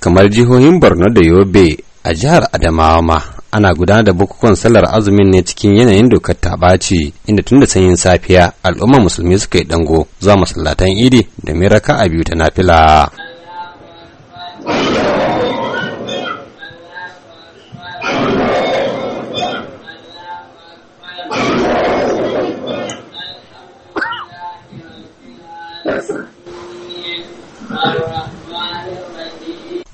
kamar jihohin borno da yobe a jihar adamawa ma ana gudanar da bukukuwan sallar azumin ne cikin yanayin dokar tabaci inda tun da sanyin safiya al'ummar musulmi suka yi dango zuwa masallatan idi da miraka a biyu ta nafila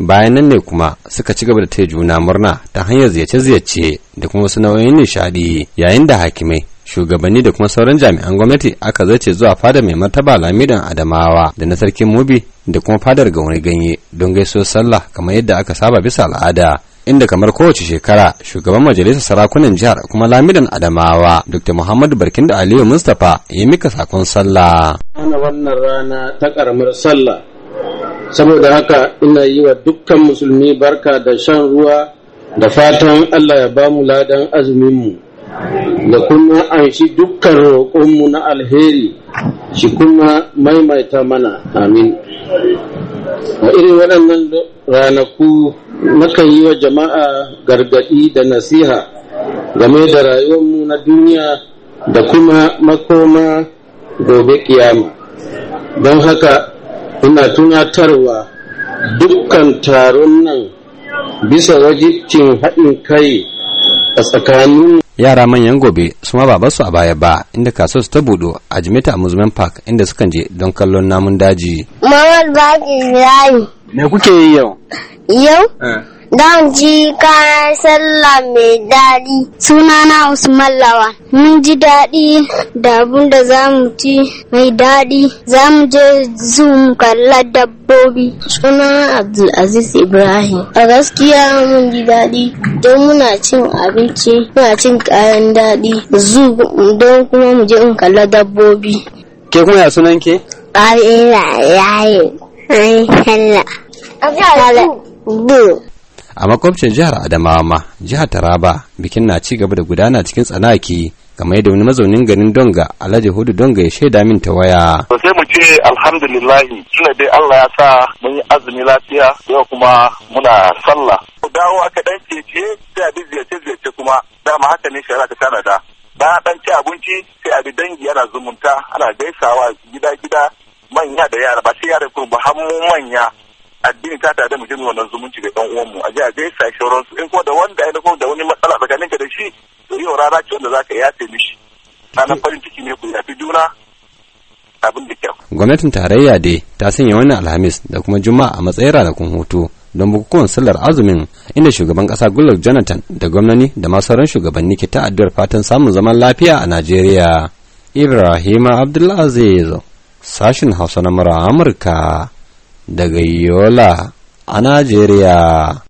bayan nan ne kuma suka ci gaba da taya juna murna ta hanyar ziyarce-ziyarce da kuma wasu nau'in nishadi yayin da hakimai shugabanni da kuma sauran jami'an gwamnati aka zace zuwa fada mai martaba lamidan adamawa da na sarkin mubi da kuma fadar ga wani ganye don gaiso sallah kamar yadda aka saba bisa al'ada inda kamar kowace shekara shugaban majalisar sarakunan jihar kuma lamidan adamawa dr muhammadu barkin da aliyu mustapha ya mika sakon sallah wannan rana ta karamar sallah saboda haka ina yi wa dukkan musulmi barka da shan ruwa da fatan Allah ya ba mu ladan azuminmu da kuma an shi dukkan roƙonmu na alheri shi kuma maimaita mana amin a irin waɗannan ranaku nakan yi wa jama'a gargaɗi da nasiha game da rayuwarmu na duniya da kuma makoma gobe kiyama don haka ina tunatarwa dukkan taron nan bisa wajibcin haɗin kai a tsakanin yara manyan gobe su ma ba su a baya ba inda kasuwar su ta budo a jimeta amusement park inda sukan je don kallon namun daji. mawar Baki Ibrahim. Me kuke yi yau? Yau? Eh. don ji kayan sallah mai daɗi sunana usman lawa mun ji daɗi da abun da za mu ci mai daɗi za mu je zoom kalla dabbobi sunana abdulaziz ibrahim a gaskiya mun ji daɗi don muna cin abinci muna cin kayan daɗi zu don kuma mu je in kalla dabbobi ke kuma ya sunan ke ƙari yayi ai hella Bu. a makwabcin jihar adamawa ma jihar taraba bikin na ci gaba da gudana cikin tsanaki kamar yadda wani mazaunin garin donga alhaji hudu donga ya shaida min ta waya sosai sai mu ce alhamdulillahi tunda dai allah ya sa mun yi azumi lafiya yau kuma muna sallah dawo aka dan cece sai a bi ziyarce ziyarce kuma dama haka ne shara ta tanada a dan ci abinci sai a bi dangi yana zumunta ana gaisawa gida gida manya da yara ba sai yara kuma ba har manya addini ta tare da mu wannan zumunci da ɗan uwan mu a ji a gaisa su in ko da wanda ya ko da wani matsala tsakaninka da shi to yau rana ce wanda zaka yafe mishi ranar farin ciki ne ku yafi juna abin da kyau. Gwamnatin tarayya dai ta sanya wannan Alhamis da kuma Juma'a a matsayin ranakun hutu don bukukuwan sallar azumin inda shugaban kasa Goodluck Jonathan da gwamnani da ma sauran shugabanni ke ta'addu'ar fatan samun zaman lafiya a Najeriya. Ibrahim Abdulaziz, sashin Hausa na Amurka. daga Yola a Najeriya.